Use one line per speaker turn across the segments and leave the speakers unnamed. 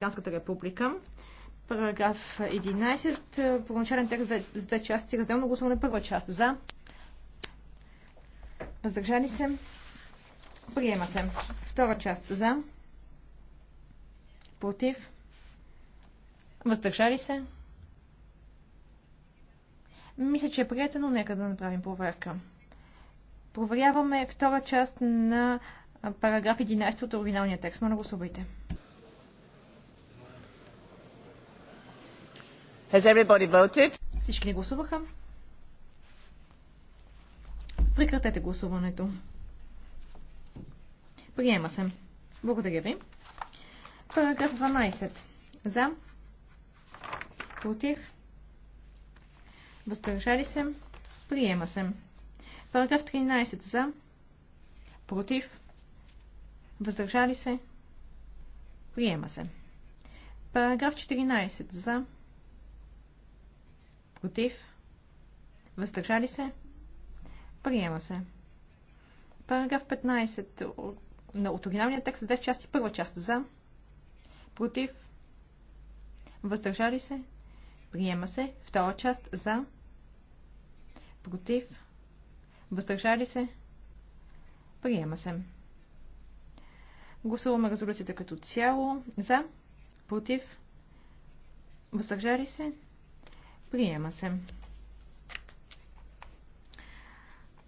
Африканската република. Параграф 11. Първоначален текст за две части. Разделно гласуване. Първа част. За. Въздържали се. Приема се. Втора част. За. Против. Въздържали се. Мисля, че е приятен, но нека да направим проверка. Проверяваме втора част на параграф 11 от оригиналния текст. Моля, гласувайте. Да Has everybody voted? Всички ли гласуваха? Прекратете гласуването. Приема се. Благодаря ви. Параграф 12. За. Против. Въздържали се. Приема се. Параграф 13. За. Против. Въздържали се. Приема се. Параграф 14. За. Против? Въздържали се? Приема се. Параграф 15 на оригиналния текст две части. Първа част за. Против? Въздържали се? Приема се. Втора част за. Против? Въздържали се? Приема се. Гласуваме резолюцията като цяло. За. Против? Въздържали се? Приема се.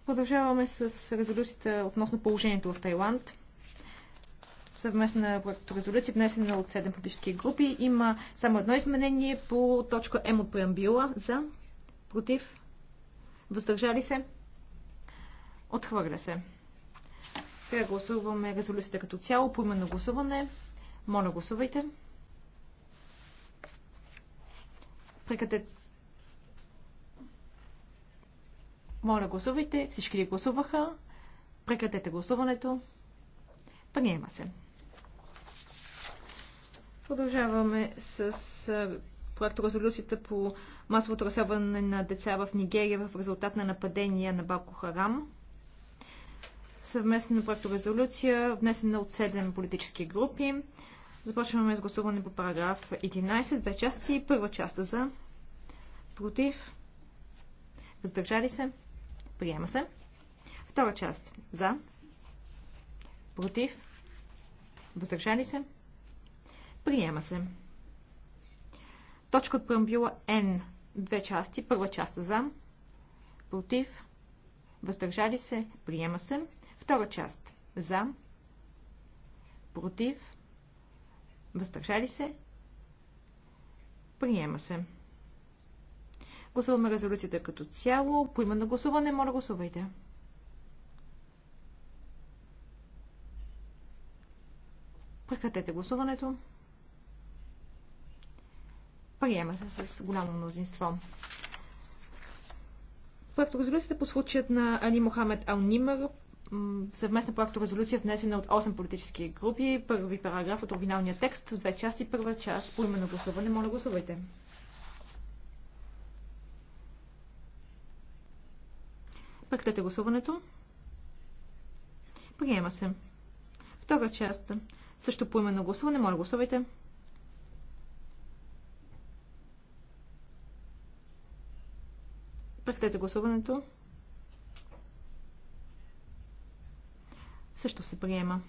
Продължаваме с резолюцията относно положението в Тайланд. Съвместна резолюция, внесена от 7 политически групи. Има само едно изменение по точка М от преамбила за, против, въздържали се, отхвърля се. Сега гласуваме резолюцията като цяло по именно гласуване. Моля, гласувайте. Прекратете Моля, гласувайте. Всички ли гласуваха? Прекратете гласуването. Приема се. Продължаваме с проекта резолюцията по масовото разселване на деца в Нигерия в резултат на нападения на Бако Харам. Съвместна проекта резолюция, внесена от 7 политически групи. Започваме с гласуване по параграф 11, две части. Първа част за, против, въздържали се, Приема се. Втора част. За. Против. Въздържали се. Приема се. Точка от преамбюла N. Две части. Първа част за. Против. Въздържали се. Приема се. Втора част. За. Против. Въздържали се. Приема се. Гласуваме резолюцията като цяло. По на гласуване, моля гласувайте. Прекратете гласуването. Приема се с голямо мнозинство. Проекторезолюцията по случаят на Али Мохамед Ал Нимър, съвместна проекторезолюция, внесена от 8 политически групи, първи параграф от оригиналния текст, две части, първа част, по именно гласуване. Моля гласувайте. Прекратете гласуването. Приема се. Втора част. Също по именно гласуване. Моля, гласувайте. Прекратете гласуването. Също се приема.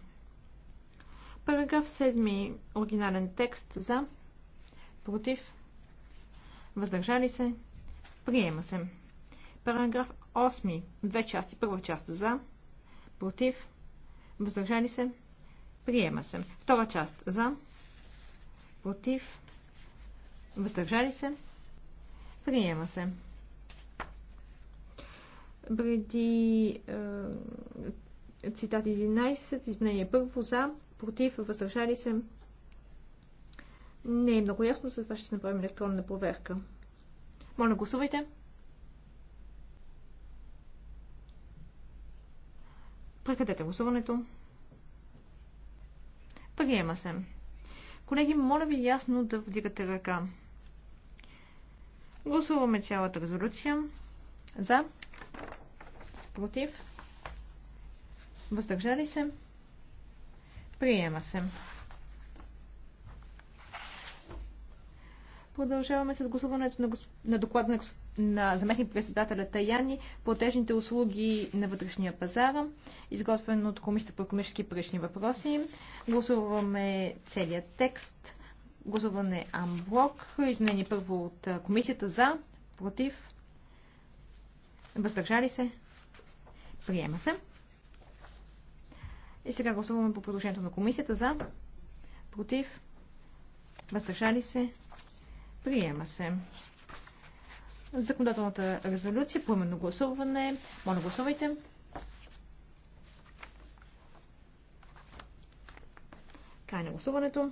Параграф 7. Оригинален текст за. Против. Въздържали се. Приема се. Параграф Осми, Две части. Първа част за. Против. Въздържали се. Приема се. Втора част за. Против. Въздържали се. Приема се. Преди е, цитат 11, изменение първо за, против, въздържали се. Не е много ясно, затова ще направим електронна проверка. Моля, гласувайте. Прекратете гласуването. Приема се. Колеги, моля ви ясно да вдигате ръка. Гласуваме цялата резолюция. За. Против. Въздържали се. Приема се. Продължаваме с гласуването на, госп... на доклада на господин на заместник председателя Таяни платежните услуги на вътрешния пазар, изготвен от Комисията по економически прични въпроси. Гласуваме целият текст. Гласуване Амблок. Изменение първо от Комисията за, против, въздържали се, приема се. И сега гласуваме по предложението на Комисията за, против, въздържали се, приема се законодателната резолюция по именно гласуване. Моля, гласувайте. Край на гласуването.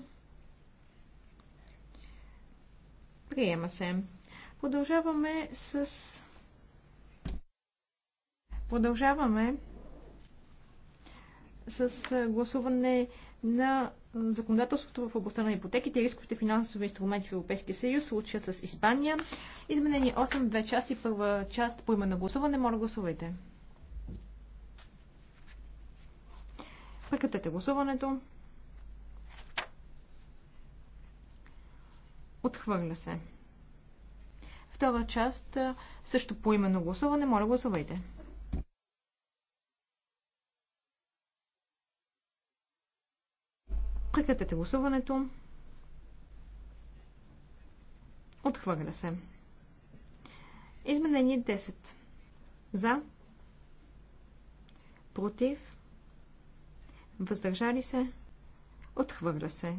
Приема се. Продължаваме с... Продължаваме с гласуване на законодателството в областта на ипотеките и рисковите финансови инструменти в Европейския съюз, случаят с Испания. Изменени 8, две части, първа част по име на гласуване. Моля гласувайте. Прекратете гласуването. Отхвърля се. Втора част също по именно гласуване. Моля гласувайте. Прекратете гласуването. Отхвърля се. Изменение 10. За. Против. Въздържали се. Отхвърля се.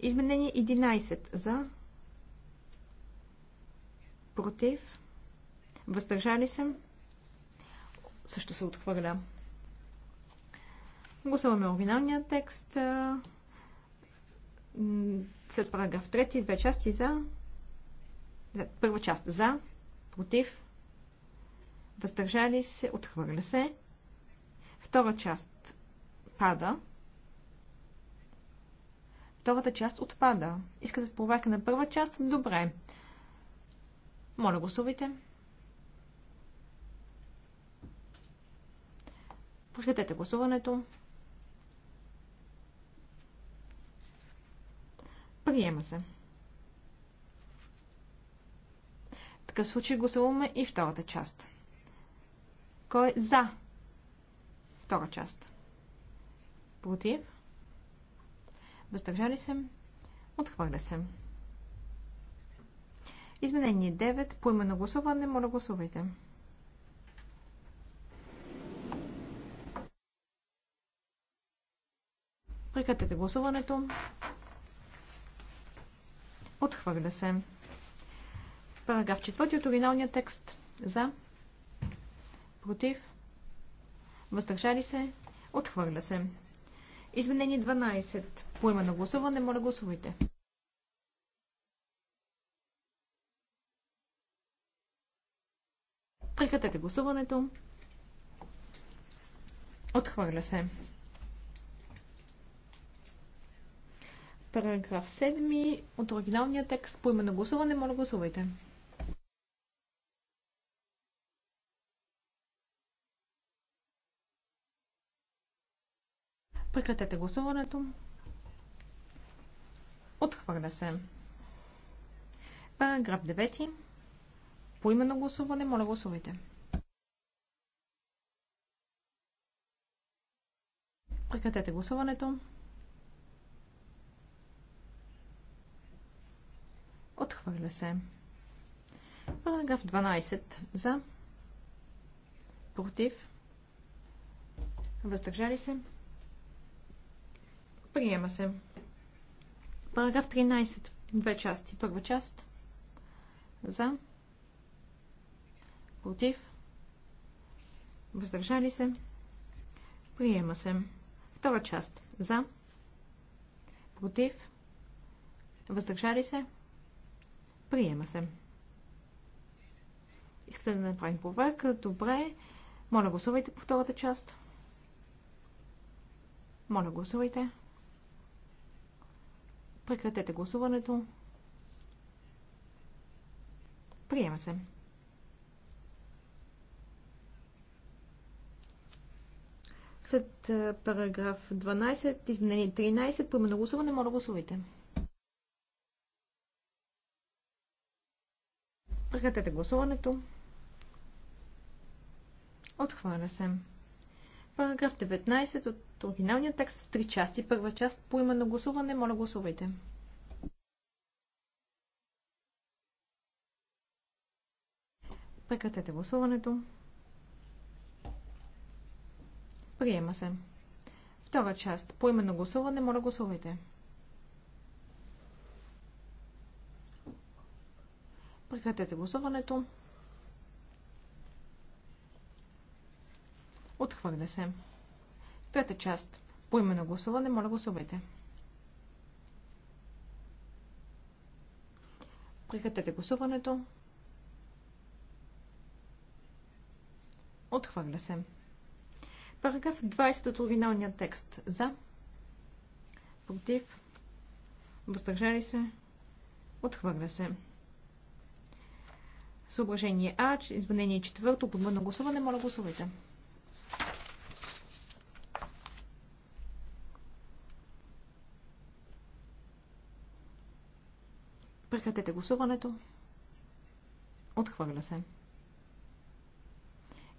Изменение 11. За. Против. Въздържали се. Също се отхвърля. Гласуваме оригиналния текст след параграф 3, две части за. Първа част за, против, въздържали се, отхвърля се. Втора част пада. Втората част отпада. Искате да проверка на първа част? Добре. Моля, гласувайте. Прекратете гласуването. Приема се. В такъв случай гласуваме и втората част. Кой е за втора част? Против? Въздържали се? Отхвърля се. Изменение 9. По име на гласуване, моля гласувайте. Прекратете гласуването. Отхвърля се. Параграф 4 от оригиналния текст. За. Против. Въздържали се. Отхвърля се. Изменение 12. Поема на гласуване. Моля гласувайте. Прекратете гласуването. Отхвърля се. Параграф 7 от оригиналния текст по име на гласуване. Моля гласувайте. Прекратете гласуването. Отхвърля се. Параграф 9. По име на гласуване, моля гласувайте. Прекратете гласуването. Отхвърля се. Параграф 12. За. Против. Въздържали се. Приема се. Параграф 13. Две части. Първа част. За. Против. Въздържали се. Приема се. Втора част. За. Против. Въздържали се. Приема се. Искате да направим проверка? Добре. Моля, гласувайте по втората част. Моля, гласувайте. Прекратете гласуването. Приема се. След параграф 12, изменение 13, поименно гласуване, моля гласувайте. Прекратете гласуването. Отхвърля се. Параграф 19 от оригиналния текст в три части. Първа част по име на гласуване. Моля гласувайте. Прекратете гласуването. Приема се. Втора част по име на гласуване. Моля гласувайте. Прекратете гласуването. Отхвърля се. Трета част. По име на гласуване, моля гласувайте. Прекратете гласуването. Отхвърля се. Параграф 20 от оригиналния текст. За. Против. Въздържали се. Отхвърля се. Съображение А, изменение четвърто, подмъдно гласуване, моля гласувайте. Прекратете гласуването. Отхвърля се.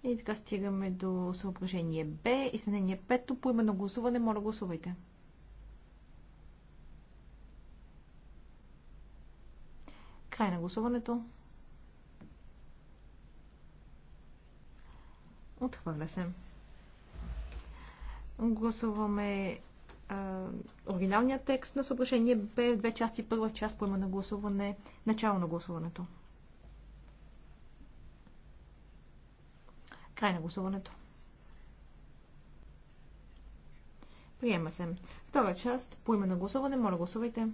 И така стигаме до съображение Б. Изменение 5 по именно гласуване. Моля гласувайте. Край на гласуването. Отхвърля се. Гласуваме а, оригиналния текст на съображение Б в две части. Първа част поема на гласуване, начало на гласуването. Край на гласуването. Приема се. Втора част по име на гласуване. Моля гласувайте.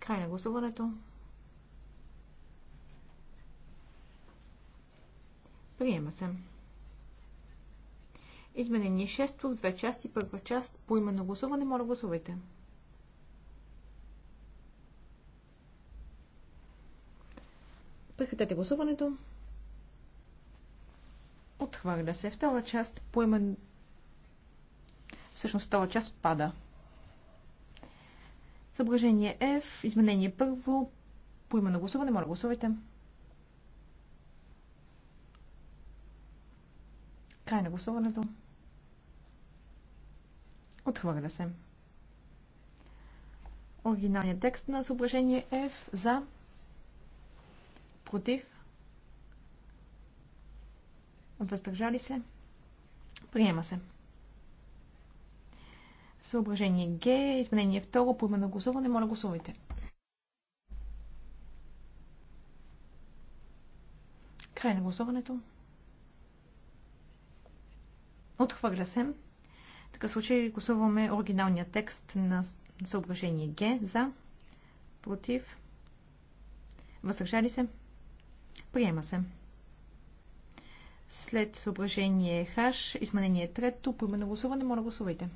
Край на гласуването. Приема се. Изменение 6 в две части. Първа част по име на гласуване. Моля гласувайте. Прекратете гласуването. Отхвърля се. Втора част по име... Всъщност втора част пада. Съображение F. Изменение първо. По име на гласуване. Моля гласувайте. Край на гласуването. Отхвърля се. Оригиналният текст на съображение F за против въздържали се приема се. Съображение Г, изменение 2, по на гласуване, моля гласувайте. Край на гласуването. Отхвърля се. В такъв случай гласуваме оригиналния текст на съображение Г. За. Против. Възражали се. Приема се. След съображение Х, изменение трето, по на гласуване, моля гласувайте.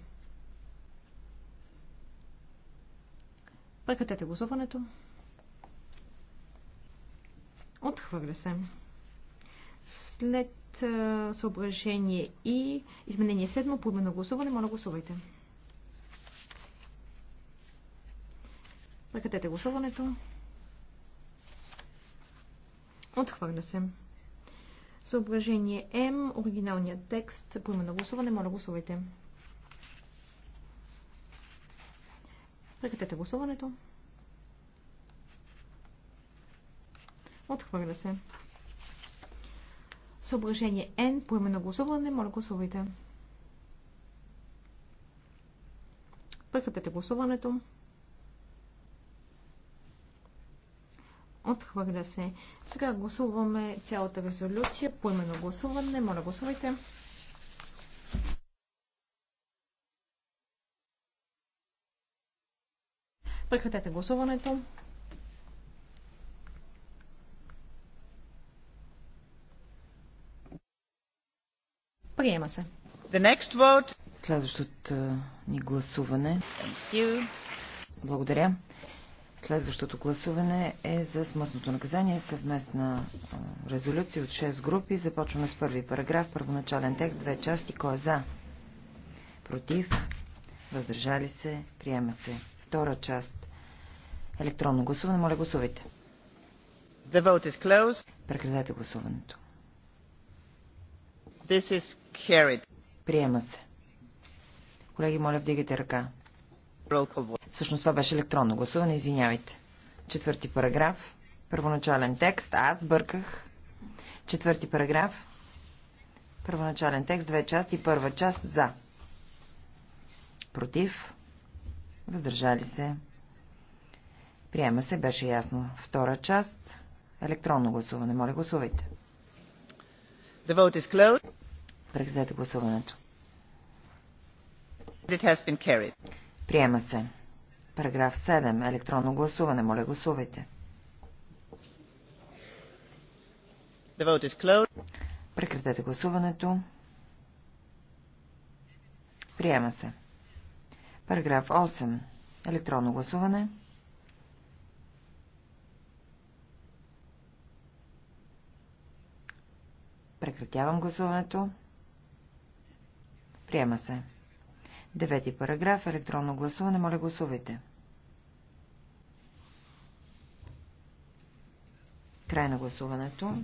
Прекратете гласуването. Отхвърля се. След съображение и изменение седмо, по на гласуване, моля гласувайте. Прекратете гласуването. Отхвърля се. Съображение М, оригиналният текст, по на гласуване, моля гласувайте. Прекратете гласуването. Отхвърля се. Съображение N по име на гласуване. Моля гласувайте. Прекратете гласуването. Отхвърля се. Сега гласуваме цялата резолюция по гласуване. Моля гласувайте. Прекратете гласуването. Приема се. The next vote.
Следващото ни гласуване. Благодаря. Следващото гласуване е за смъртното наказание. Съвместна резолюция от 6 групи. Започваме с първи параграф, първоначален текст, две части. Кой е за? Против? Въздържали се? Приема се. Втора част. Електронно гласуване. Моля, гласувайте. The vote is closed. Прекратете гласуването. This is carried. Приема се. Колеги, моля вдигайте ръка. Всъщност това беше електронно гласуване, извинявайте. Четвърти параграф. Първоначален текст. Аз бърках. Четвърти параграф. Първоначален текст. Две части. Първа част. За. Против. Въздържали се. Приема се. Беше ясно. Втора част. Електронно гласуване. Моля, гласувайте. The vote is closed. Прекратете гласуването. Приема се. Параграф 7. Електронно гласуване. Моля, гласувайте. Прекратете гласуването. Приема се. Параграф 8. Електронно гласуване. Прекратявам гласуването. Приема се. Девети параграф. Електронно гласуване. Моля гласувайте. Край на гласуването.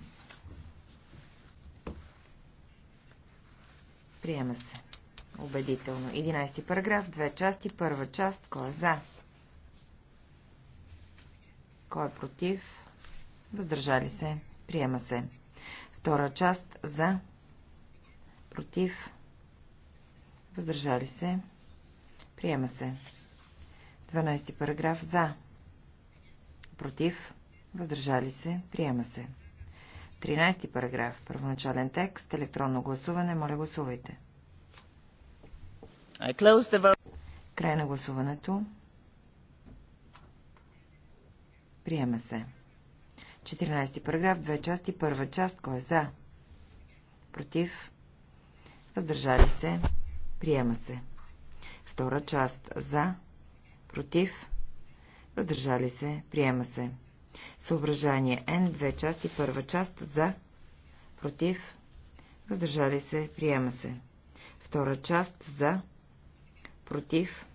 Приема се. Убедително. 11 параграф, две части. Първа част. Кой е за? Кой е против? Въздържали се. Приема се. Втора част. За. Против. Въздържали се. Приема се. 12 параграф за. Против. Въздържали се. Приема се. 13 параграф. Първоначален текст. Електронно гласуване. Моля гласувайте. Край на гласуването. Приема се. 14 параграф, две части, първа част, кой е за? Против? Въздържали се? Приема се. Втора част. За. Против. Въздържали се. Приема се. Съображение Н. Две части. Първа част. За. Против. Въздържали се. Приема се. Втора част. За. Против.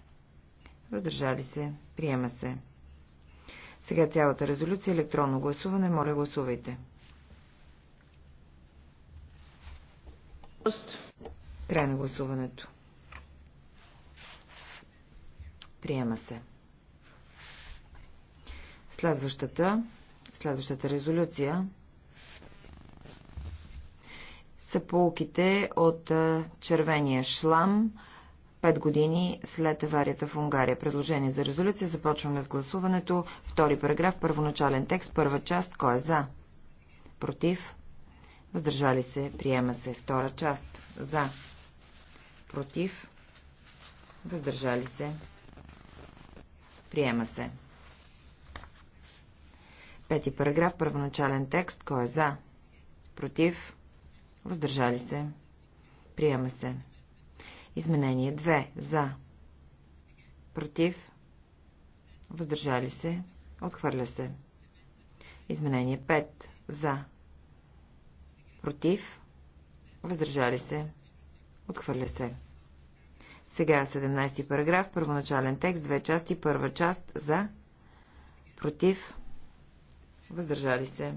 Въздържали се. Приема се. Сега цялата резолюция. Електронно гласуване. Моля, гласувайте. Край на гласуването. Приема се. Следващата, следващата резолюция са полките от червения шлам, 5 години след аварията в Унгария. Предложение за резолюция. Започваме с гласуването. Втори параграф, първоначален текст, първа част. Кой е за? Против? Въздържали се. Приема се. Втора част. За. Против? Въздържали се. Приема се. Пети параграф, първоначален текст. Кой е за? Против? Въздържали се. Приема се. Изменение 2. За. Против? Въздържали се. Отхвърля се. Изменение 5. За. Против? Въздържали се. Отхвърля се. Сега 17 е параграф, първоначален текст, две части, първа част за, против, въздържали се,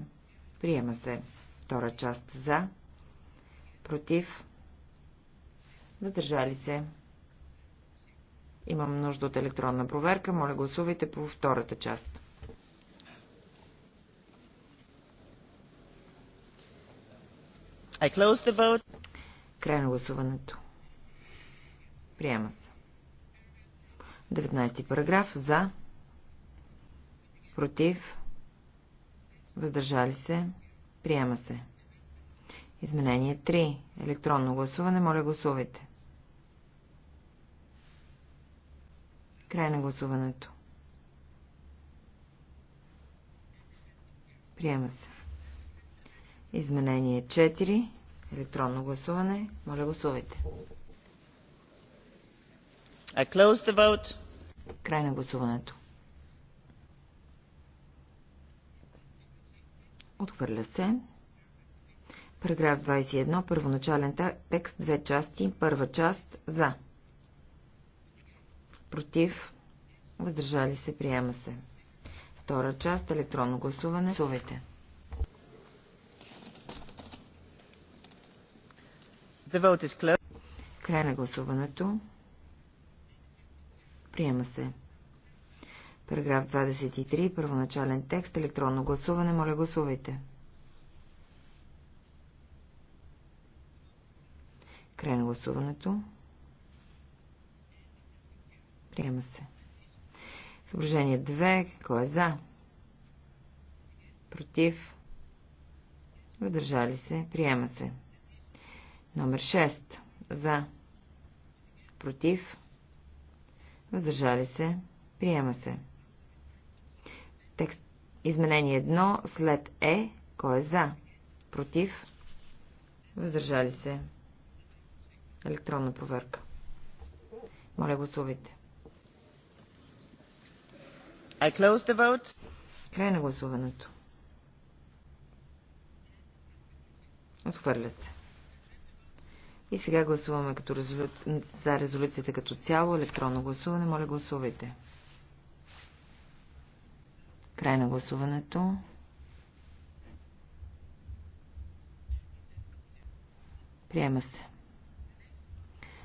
приема се. Втора част за, против, въздържали се. Имам нужда от електронна проверка, моля гласувайте по втората част. I close the vote. Край на гласуването. Приема се. 19 параграф. За. Против. Въздържали се. Приема се. Изменение 3. Електронно гласуване. Моля гласувайте. Край на гласуването. Приема се. Изменение 4. Електронно гласуване. Моля гласувайте. I close the vote. Край на гласуването. Отхвърля се. Параграф 21. Първоначален текст. Две части. Първа част. За. Против. Въздържали се. Приема се. Втора част. Електронно гласуване. Сувайте. The vote is closed. Край на гласуването. Приема се. Параграф 23, първоначален текст, електронно гласуване. Моля, гласувайте. Край на гласуването. Приема се. Съображение 2. Кой е за? Против? Въздържали се. Приема се. Номер 6. За. Против? Въздържали се. Приема се. Текст. Изменение 1 след Е. Кой е за? Против. Въздържали се. Електронна проверка. Моля, гласувайте. I close the vote. Край на гласуването. Отхвърля се. И сега гласуваме като резолю... за резолюцията като цяло. Електронно гласуване. Моля, гласувайте. Край на гласуването. Приема се.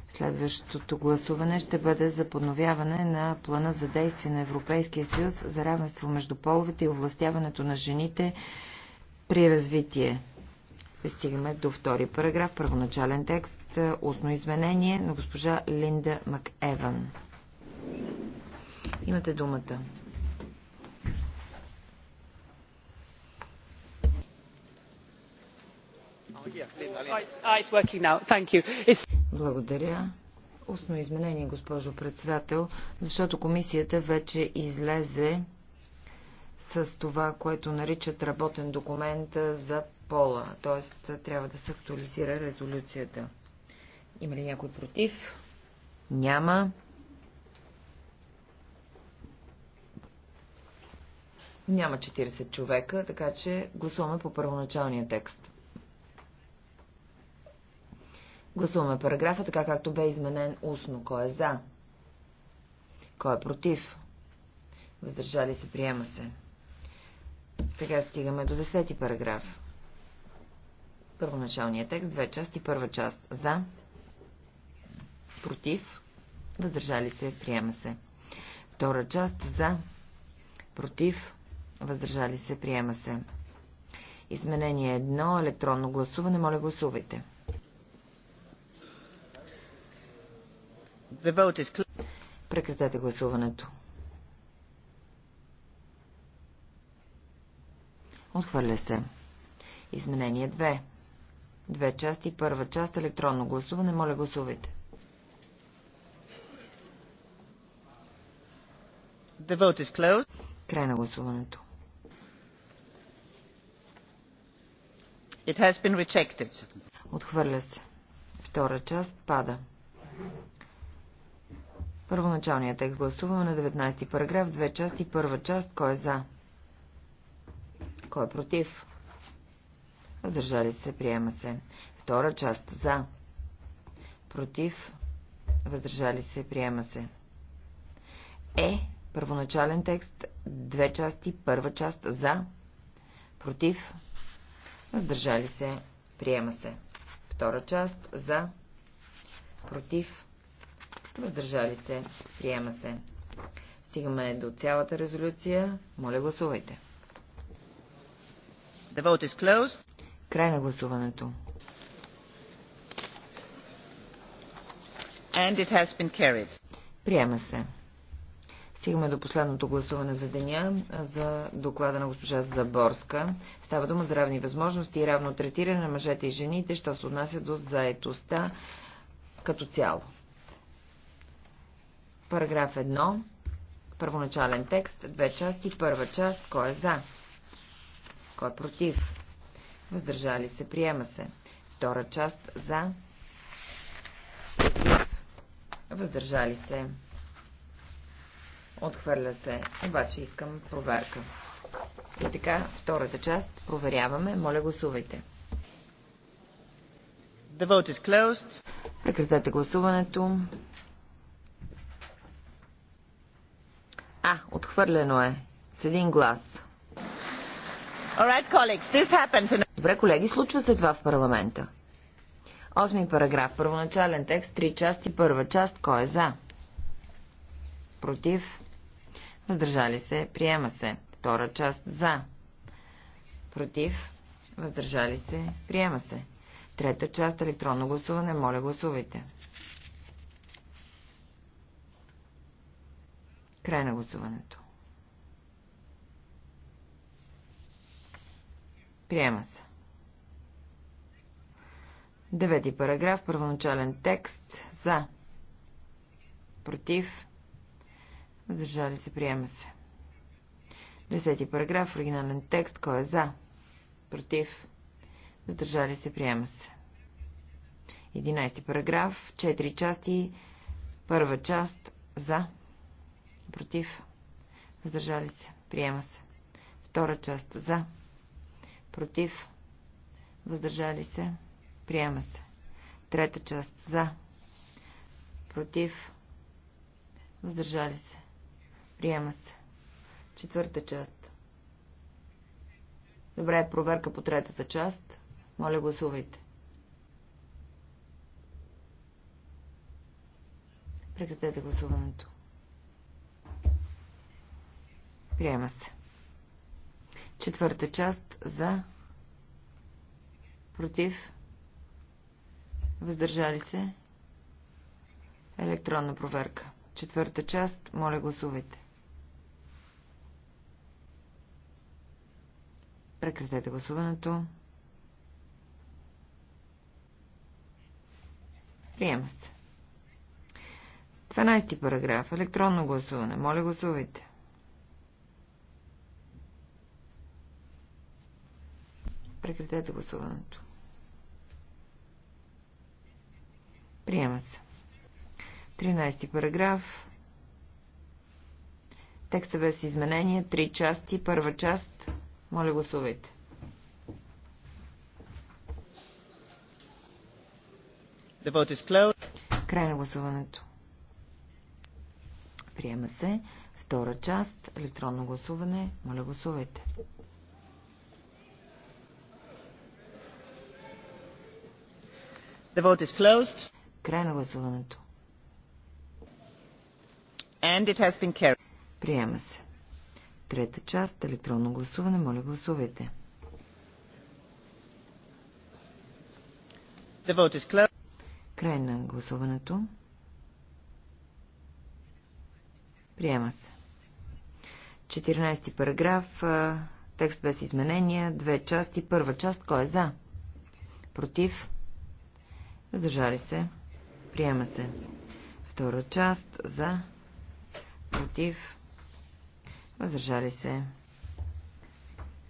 Следващото гласуване ще бъде за подновяване на плана за действие на Европейския съюз за равенство между половете и овластяването на жените при развитие стигаме до втори параграф, първоначален текст, е, устно изменение на госпожа Линда МакЕван. Имате думата. Благодаря. Устно изменение, госпожо председател, защото комисията вече излезе с това, което наричат работен документ за пола, т.е. трябва да се актуализира резолюцията. Има ли някой против? Няма. Няма 40 човека, така че гласуваме по първоначалния текст. Гласуваме параграфа, така както бе изменен устно. Кой е за? Кой е против? Въздържали се, приема се. Сега стигаме до 10 параграф. Първоначалния текст, две части, първа част за, против, въздържали се, приема се. Втора част за, против, въздържали се, приема се. Изменение едно, електронно гласуване, моля гласувайте. Прекратете гласуването. Отхвърля се. Изменение 2. Две части. Първа част електронно гласуване. Моля гласувайте. The vote is closed. Край на гласуването. It has been rejected. Отхвърля се. Втора част пада. Първоначалният текст гласуваме на 19 параграф, две части, първа част, кой е за? Кой е против? въздържали се, приема се. Втора част за, против, въздържали се, приема се. Е, първоначален текст, две части, първа част за, против, въздържали се, приема се. Втора част за, против, въздържали се, приема се. Стигаме до цялата резолюция. Моля, гласувайте. The vote is closed. Край на гласуването. And it has been carried. Приема се. Стигаме до последното гласуване за деня за доклада на госпожа Заборска. Става дума за равни възможности и равно третиране на мъжете и жените, що се отнася до заетостта като цяло. Параграф 1. Първоначален текст. Две части. Първа част. Кой е за? Кой е против? въздържали се, приема се. Втора част за, въздържали се, отхвърля се, обаче искам проверка. И така, втората част проверяваме, моля гласувайте. The vote is closed. Прекратете гласуването. А, отхвърлено е. С един глас. All right, colleagues, this happens in... Добре, колеги, случва се това в парламента. Осми параграф, първоначален текст, три части, първа част, кой е за? Против? Въздържали се, приема се. Втора част, за. Против? Въздържали се, приема се. Трета част, електронно гласуване, моля гласувайте. Край на гласуването. Приема се. Девети параграф, първоначален текст. За. Против. Въздържали се, приема се. Десети параграф, оригинален текст. Кой е за? Против. Въздържали се, приема се. Единайсти параграф, четири части. Първа част. За. Против. Въздържали се, приема се. Втора част. За. Против. Въздържали се. Приема се. Трета част. За. Против. Въздържали се. Приема се. Четвърта част. Добре, проверка по третата част. Моля, гласувайте. Прекратете гласуването. Приема се. Четвърта част за против Въздържали се? Електронна проверка. Четвърта част. Моля гласувайте. Прекратете гласуването. Приема се. 12 параграф. Електронно гласуване. Моля гласувайте. Прекратете гласуването. Приема се. 13 параграф. Текста без изменения. Три части. Първа част. Моля гласувайте. The vote is closed. Край на гласуването. Приема се. Втора част. Електронно гласуване. Моля гласувайте. The vote is closed. Край на гласуването. And it has been carried. Приема се. Трета част. Електронно гласуване. Моля гласувайте. The vote is closed. Край на гласуването. Приема се. 14 параграф. Текст без изменения. Две части. Първа част. Кой е за? Против? Задържали се. Приема се. Втора част за, против, въздържали се.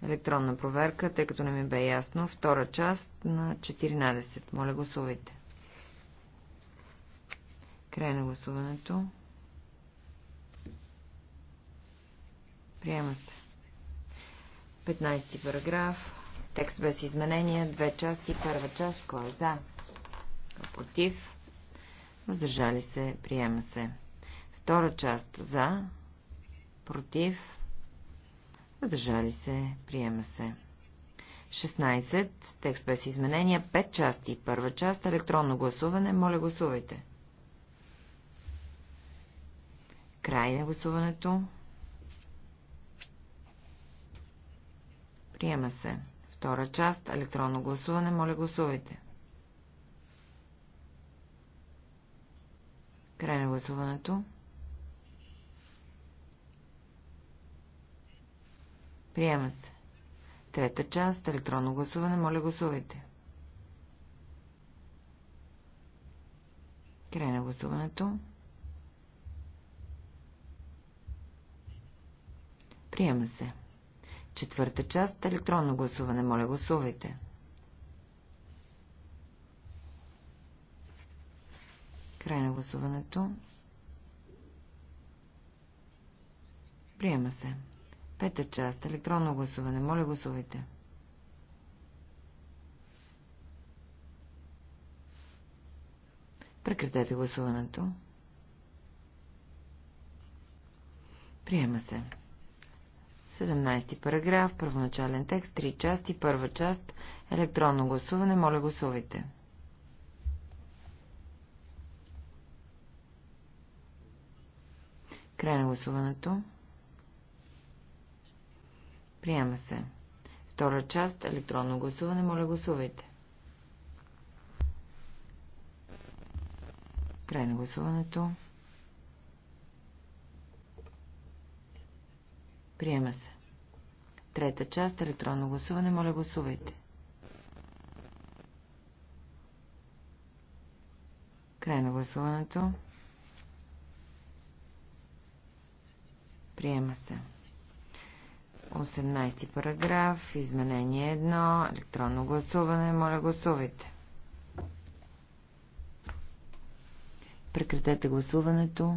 Електронна проверка, тъй като не ми бе ясно. Втора част на 14. Моля, гласувайте. Край на гласуването. Приема се. 15 параграф. Текст без изменения. Две части. Първа част. Кой е за? Е против въздържали се, приема се. Втора част за, против, въздържали се, приема се. 16. Текст без изменения. 5 части. Първа част. Електронно гласуване. Моля гласувайте. Край на гласуването. Приема се. Втора част. Електронно гласуване. Моля гласувайте. гласуването. Приема се. Трета част. Електронно гласуване. Моля, гласувайте. Край на гласуването. Приема се. Четвърта част. Електронно гласуване. Моля, гласувайте. Край на гласуването. Приема се. Пета част. Електронно гласуване. Моля гласувайте. Прекратете гласуването. Приема се. 17 параграф, първоначален текст, 3 части, първа част, електронно гласуване, моля гласувайте. Край на гласуването. Приема се. Втора част. Електронно гласуване. Моля, гласувайте. Край на гласуването. Приема се. Трета част. Електронно гласуване. Моля, гласувайте. Край на гласуването. Приема се. 18 параграф, изменение 1, електронно гласуване. Моля, гласувайте. Прекратете гласуването.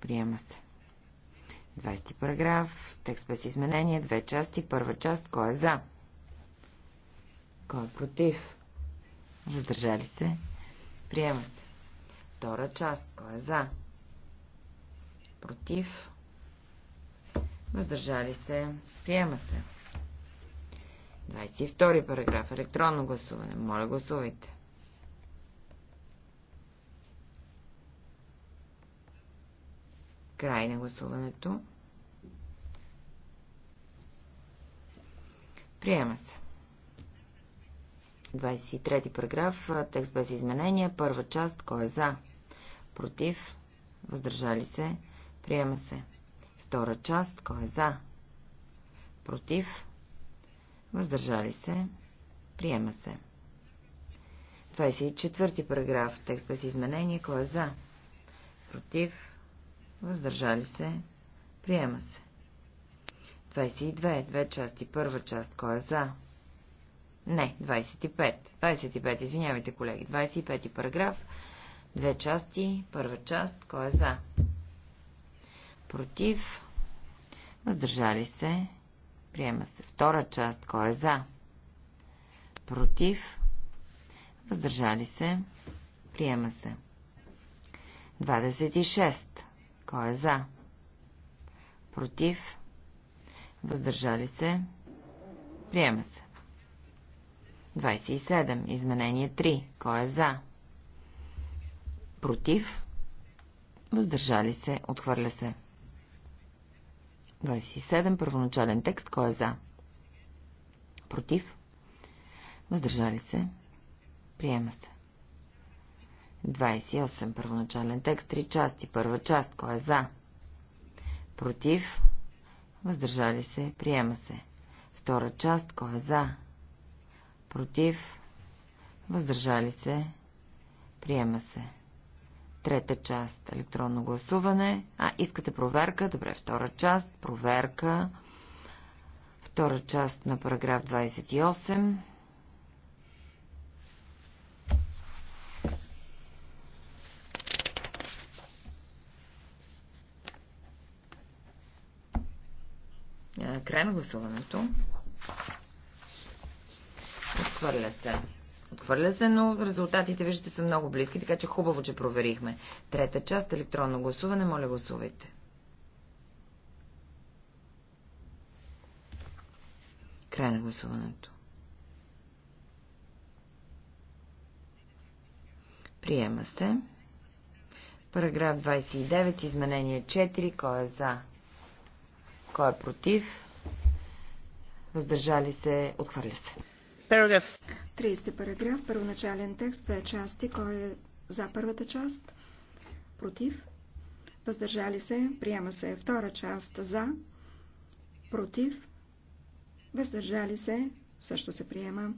Приема се. 20 параграф, текст без изменение, две части, първа част, кой е за? Кой е против? Въздържали се? Приема се. Втора част. Кой е за? Против. Въздържали се. Приема се. 22 параграф. Електронно гласуване. Моля, гласувайте. Край на гласуването. Приема се. 23 параграф. Текст без изменения. Първа част. Кой е за? против, въздържали се, приема се. Втора част, кой е за, против, въздържали се, приема се. 24 параграф, текст без изменение, кой е за, против, въздържали се, приема се. 22, две части, първа част, кой е за, не, 25. 25, извинявайте, колеги. 25 параграф. Две части. Първа част. Кой е за? Против. Въздържали се. Приема се. Втора част. Кой е за? Против. Въздържали се. Приема се. 26. Кой е за? Против. Въздържали се. Приема се. 27. Изменение 3. Кой е за? против, въздържали се, отхвърля се. 27. Първоначален текст. Кой е за? Против. Въздържали се. Приема се. 28. Първоначален текст. Три части. Първа част. Кой е за? Против. Въздържали се. Приема се. Втора част. Кой е за? Против. Въздържали се. Приема се. Трета част – електронно гласуване. А, искате проверка? Добре, втора част – проверка. Втора част на параграф 28. Край на гласуването. Отхвърля се. Отхвърля се, но резултатите, виждате, са много близки, така че хубаво, че проверихме. Трета част, електронно гласуване, моля гласувайте. Край на гласуването. Приема се. Параграф 29, изменение 4. Кой е за? Кой е против? Въздържали се? Отхвърля се.
Параграф. 30 параграф, първоначален текст, две части. Кой е за първата част? Против? Въздържали се? Приема се. Втора част за? Против? Въздържали се? Също се приема.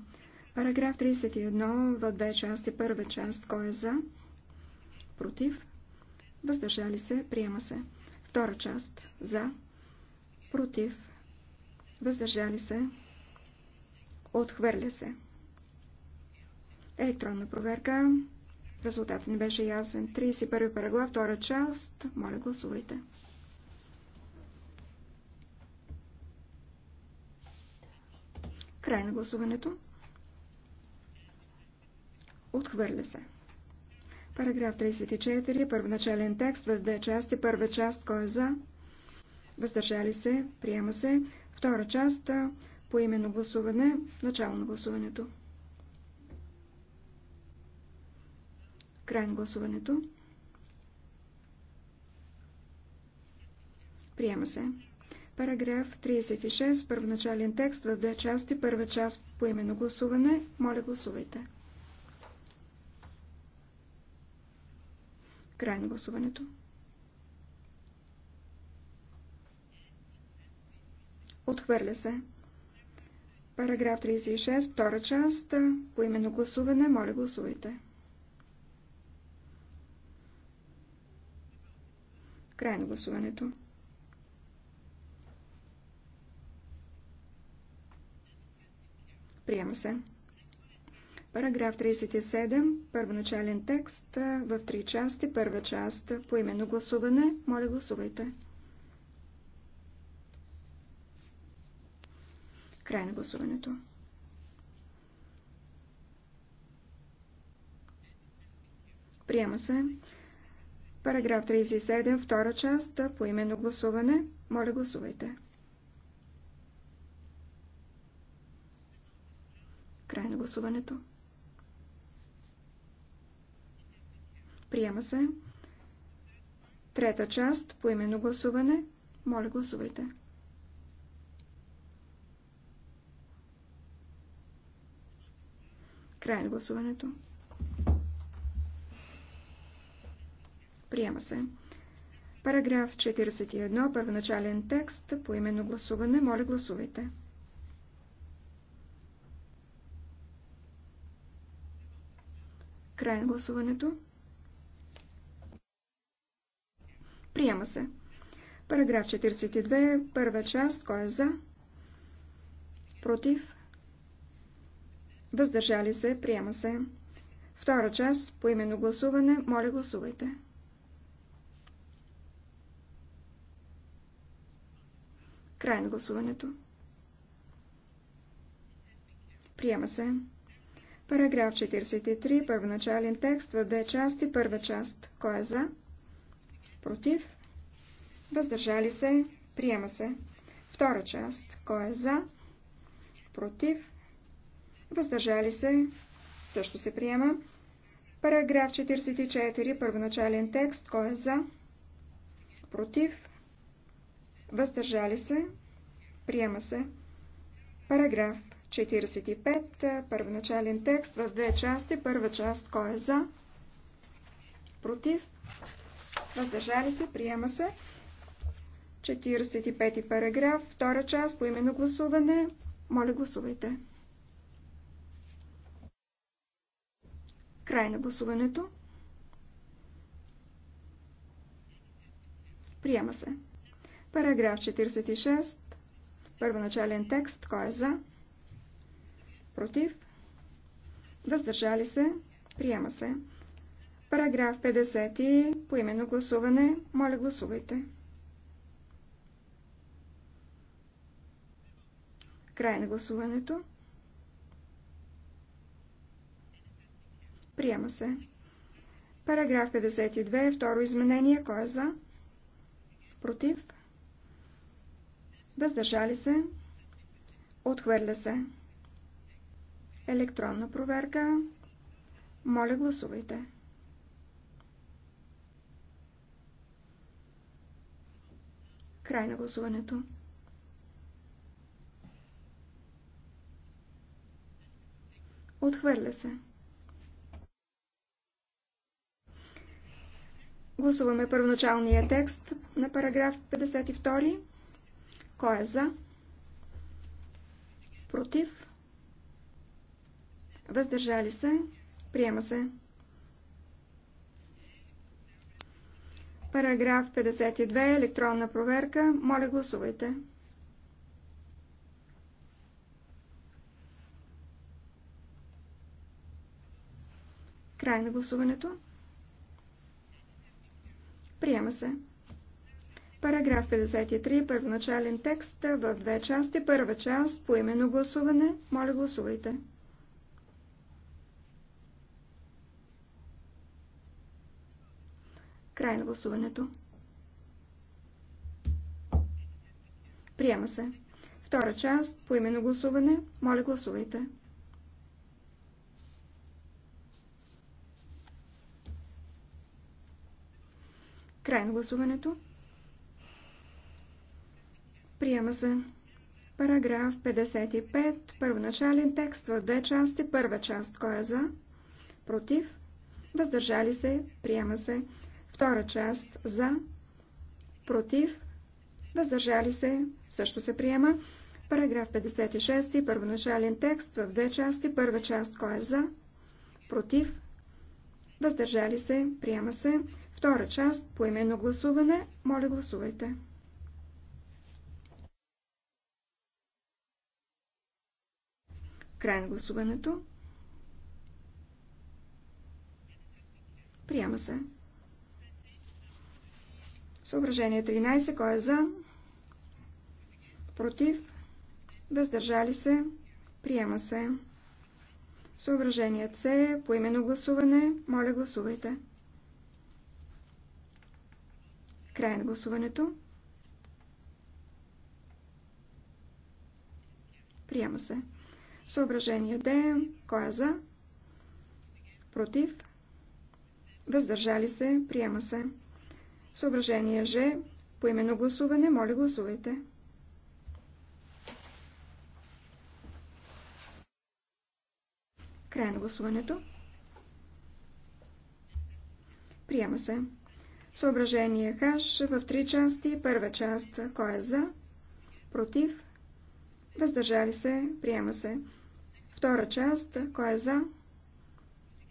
Параграф 31 в две части. Първа част. Кой е за? Против? Въздържали се? Приема се. Втора част. За? Против? Въздържали се? Отхвърля се. Електронна проверка. Резултатът не беше ясен. 31 параграф, втора част. Моля, гласувайте. Край на гласуването. Отхвърля се. Параграф 34. Първоначален текст в две части. Първа част, кой е за? Въздържали се. Приема се. Втора част. По именно гласуване, начало на гласуването. Край на гласуването. Приема се. Параграф 36, първоначален текст в две части, първа част по именно гласуване. Моля, гласувайте. Край на гласуването. Отхвърля се. Параграф 36, втора част, по именно гласуване, моля гласувайте. Край на гласуването. Приема се. Параграф 37, първоначален текст в три части. Първа част по именно гласуване. Моля гласувайте. Край на гласуването. Приема се. Параграф 37, втора част, по именно гласуване. Моля, гласувайте. Край на гласуването. Приема се. Трета част, по именно гласуване. Моля, гласувайте. Край на гласуването. Приема се. Параграф 41, първоначален текст, по именно гласуване. Моля, гласувайте. Край на гласуването. Приема се. Параграф 42, първа част, кой е за? Против? Въздържали се. Приема се. Втора част. По именно гласуване. Моля, гласувайте. Край на гласуването. Приема се. Параграф 43, първоначален текст, в две части, първа част. Кой е за? Против? Въздържали се? Приема се. Втора част. Кой е за? Против? въздържали се, също се приема. Параграф 44, първоначален текст, кой е за, против, въздържали се, приема се. Параграф 45, първоначален текст в две части. Първа част, кой е за, против, въздържали се, приема се. 45 параграф, втора част, по именно гласуване. Моля, гласувайте. Край на гласуването. Приема се. Параграф 46. Първоначален текст. Кой е за? Против? Въздържали се? Приема се. Параграф 50. по поименно гласуване. Моля, гласувайте. Край на гласуването. Приема се. Параграф 52, второ изменение. Кой е за? Против? Въздържали се? Отхвърля се. Електронна проверка. Моля, гласувайте. Край на гласуването. Отхвърля се. Гласуваме първоначалния текст на параграф 52. Кой е за? Против? Въздържали се? Приема се. Параграф 52. Електронна проверка. Моля, гласувайте. Край на гласуването. Приема се. Параграф 53, първоначален текст в две части. Първа част по именно гласуване. Моля, гласувайте. Край на гласуването. Приема се. Втора част по именно гласуване. Моля, гласувайте. Край на гласуването. Приема се. Параграф 55. Първоначален текст в две части. Първа част. Кой е за? Против. Въздържали се. Приема се. Втора част. За. Против. Въздържали се. Също се приема. Параграф 56. Първоначален текст в две части. Първа част. Кой е за? Против. Въздържали се. Приема се. Втора част по именно гласуване. Моля, гласувайте. Край на гласуването. Приема се. Съображение 13. Кой е за? Против? Въздържали се? Приема се. Съображение С. Поименно гласуване. Моля гласувайте. Край на гласуването. Приема се. Съображение Д. Кой е за? Против? Въздържали се. Приема се. Съображение Ж. именно гласуване. Моля гласувайте. Край на гласуването. Приема се. Съображение хаш в три части. Първа част. Кой е за? Против? Въздържали се? Приема се. Втора част. Кой е за?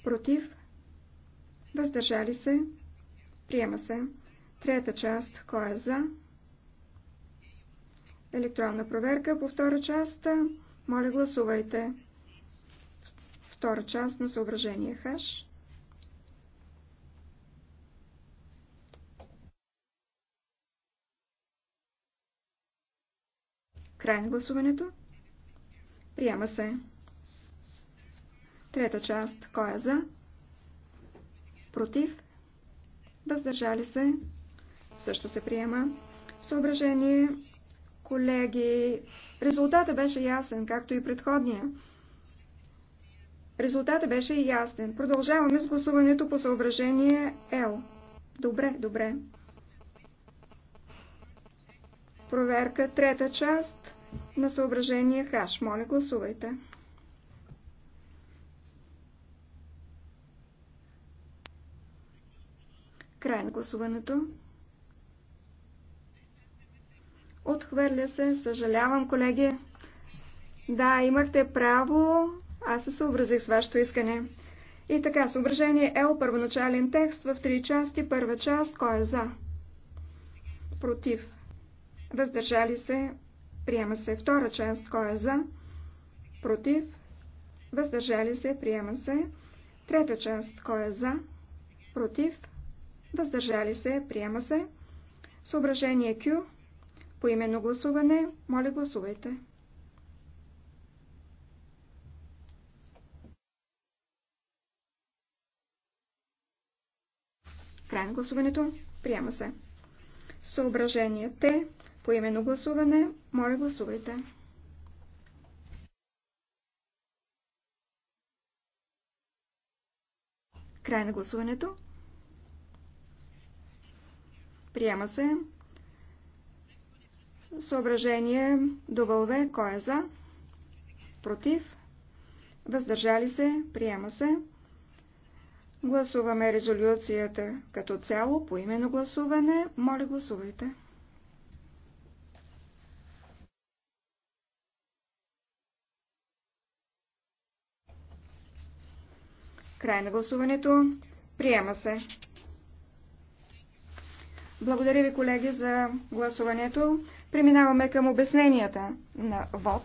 Против? Въздържали се? Приема се. Трета част. Кой е за? Електронна проверка по втора част. Моля гласувайте. Втора част на съображение хаш. Край на гласуването. Приема се. Трета част. Кой е за? Против? Въздържали се? Също се приема. Съображение. Колеги, резултата беше ясен, както и предходния. Резултата беше ясен. Продължаваме с гласуването по съображение L. Добре, добре. Проверка. Трета част на съображение хаш. Моля, гласувайте. Край на гласуването. Отхвърля се. Съжалявам, колеги. Да, имахте право. Аз се съобразих с вашето искане. И така, съображение Л, първоначален текст в три части. Първа част, кой е за? Против. Въздържали се. Приема се втора част. Кой е за? Против. Въздържали се. Приема се. Трета част. Кой е за? Против. Въздържали се. Приема се. Съображение Q. По именно гласуване. Моля гласувайте. Край на гласуването. Приема се. Съображение Т. По именно гласуване, моля гласувайте. Край на гласуването. Приема се. Съображение довълве. Кой е за? Против? Въздържали се? Приема се. Гласуваме резолюцията като цяло по именно гласуване. Моля гласувайте. Край на гласуването. Приема се. Благодаря ви, колеги, за гласуването. Преминаваме към обясненията на ВОД.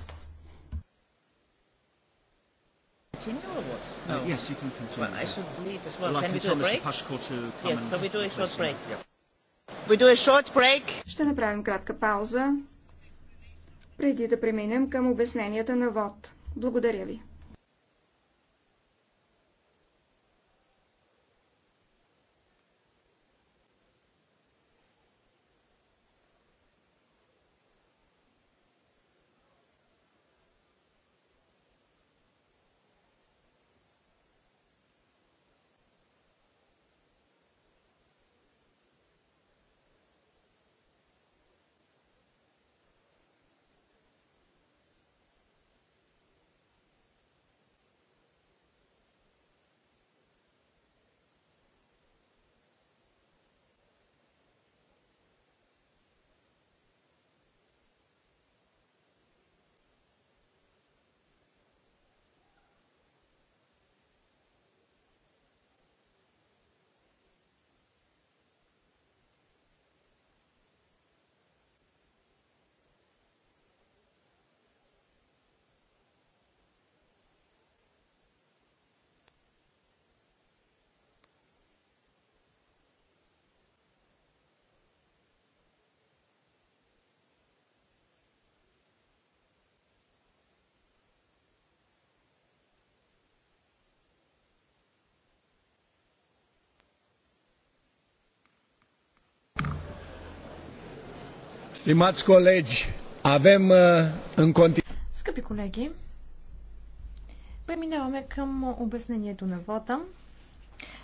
Ще направим кратка пауза, преди да преминем към обясненията на ВОД. Благодаря ви.
Stimați colegi, avem uh, în continuare. Скъпи колеги, преминаваме към обяснението на вода.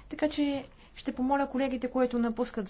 Така че ще помоля колегите, които напускат